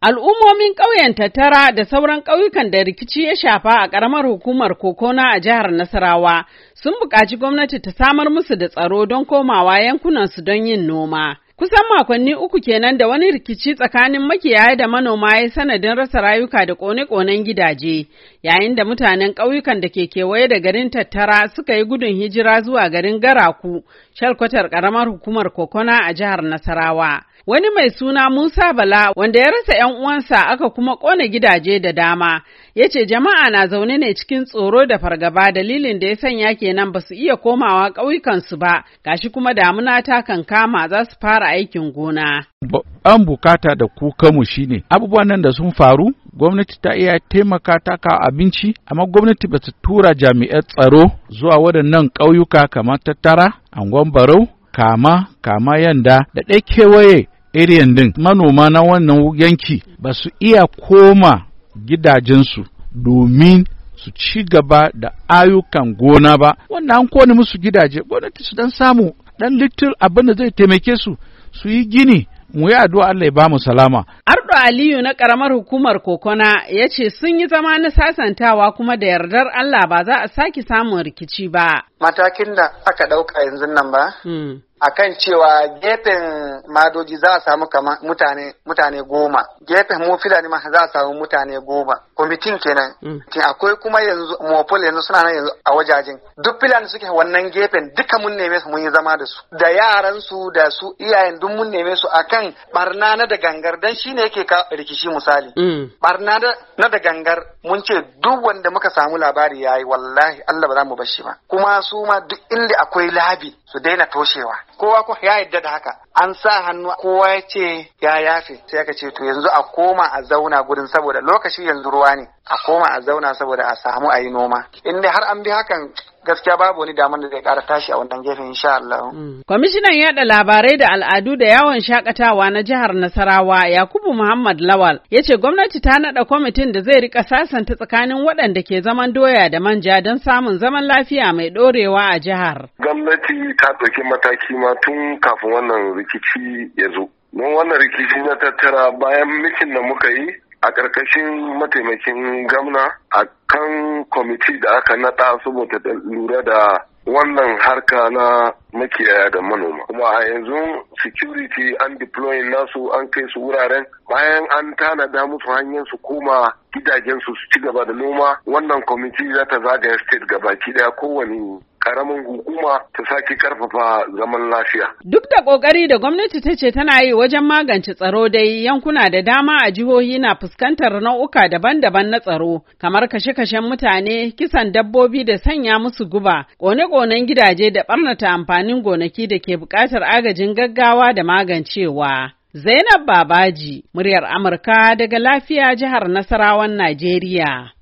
Al'ummomin ƙauyen tattara da sauran ƙauyukan da rikici ya shafa a ƙaramar hukumar Kokona a jihar Nasarawa sun buƙaci gwamnati ta samar musu da tsaro don komawa yankunansu don yin noma. Kusan makonni uku kenan da wani rikici tsakanin makiyaya da manoma ya sanadin rasa rayuka da kone-konen gidaje, yayin da mutanen ƙauyukan da ke kewaye da garin tattara suka yi gudun hijira zuwa garin Garaku, shalkwatar ƙaramar hukumar Kokona a jihar Nasarawa. Wani mai suna Musa Bala wanda ya rasa 'yan uwansa aka kuma ƙone gidaje da dama, ya ce jama'a na zaune ne cikin tsoro da fargaba dalilin da ya sanya kenan ba su iya komawa ƙauyukansu ba, gashi kuma damuna ta kankama za su fara aikin gona. An bukata da kukanmu shine abubuwan nan da sun faru gwamnati ta iya taimaka ta kawo abinci amma gwamnati ba ta tura jami'an tsaro zuwa waɗannan ƙauyuka kamar tattara angon barau kama kama yanda da ɗai kewaye iriyan din manoma na wannan yanki ba su iya koma gidajensu domin su ci gaba da ayyukan gona ba wannan an kone musu gidaje gwamnati su dan samu dan little abin da zai taimake su su yi gini mu yi addu'a Allah ya ba mu salama. Ardo Aliyu na karamar hukumar Kokona ya ce sun yi zama na sasantawa kuma da yardar Allah ba za a sake samun rikici ba. Matakin da aka ɗauka yanzu nan ba, hmm. akan cewa gefen madoji za a samu kama mutane mutane goma gefen mu fulani ma za a samu mutane goma kwamitin kenan mm. akwai kuma yanzu mofil yanzu suna nan yanzu a wajajen duk fulani suke wannan gefen duka mun neme su mun yi zama da su da yaran su da su iyayen duk mun neme su akan barna na da gangar dan shine yake ka rikici misali barna mm. na da gangar mun ce duk wanda muka samu labari yayi wallahi Allah ba za mu bar shi ba kuma su ma duk inda akwai labi su daina toshewa kowa ko ya yadda da haka an sa hannu kowa ya ce ya yafe sai aka ce to yanzu a koma a zauna gurin saboda lokaci yanzu ruwa ne a koma a zauna saboda a samu a yi noma inda har an bi hakan gaskiya babu wani damar da zai kara tashi a wannan gefen insha Allah. Mm. Kwamishinan yada labarai da al'adu da yawon shakatawa na jihar Nasarawa Yakubu Muhammad Lawal ya ce gwamnati ta naɗa kwamitin da zai rika sasanta tsakanin waɗanda ke zaman doya da manja don samun zaman lafiya mai ɗorewa a jihar. gwamnati ta ɗauki mataki ma tun kafin wannan rikici ya zo. Mun wannan rikici na tattara bayan mikin da muka yi a ƙarƙashin mataimakin gamna a kan kwamiti da aka naɗa saboda lura da wannan harka na makiyaya da manoma kuma a yanzu security an deploy nasu an kai su wuraren bayan an tanada musu hanyar su koma gidajensu su ci gaba da noma wannan kwamiti za ta zagaya state gabaki daya kowane karamin hukuma ta sake karfafa zaman lafiya. Duk da kokari da gwamnati ta ce tana yi wajen magance tsaro dai yankuna da dama a jihohi na fuskantar nau'uka daban-daban na tsaro kamar kashe-kashen mutane, kisan dabbobi da sanya musu guba, kone-konen gidaje da barnata amfanin gonaki da ke buƙatar agajin gaggawa da magancewa. Zainab Babaji, muryar Amurka daga lafiya jihar Nasarawan Najeriya.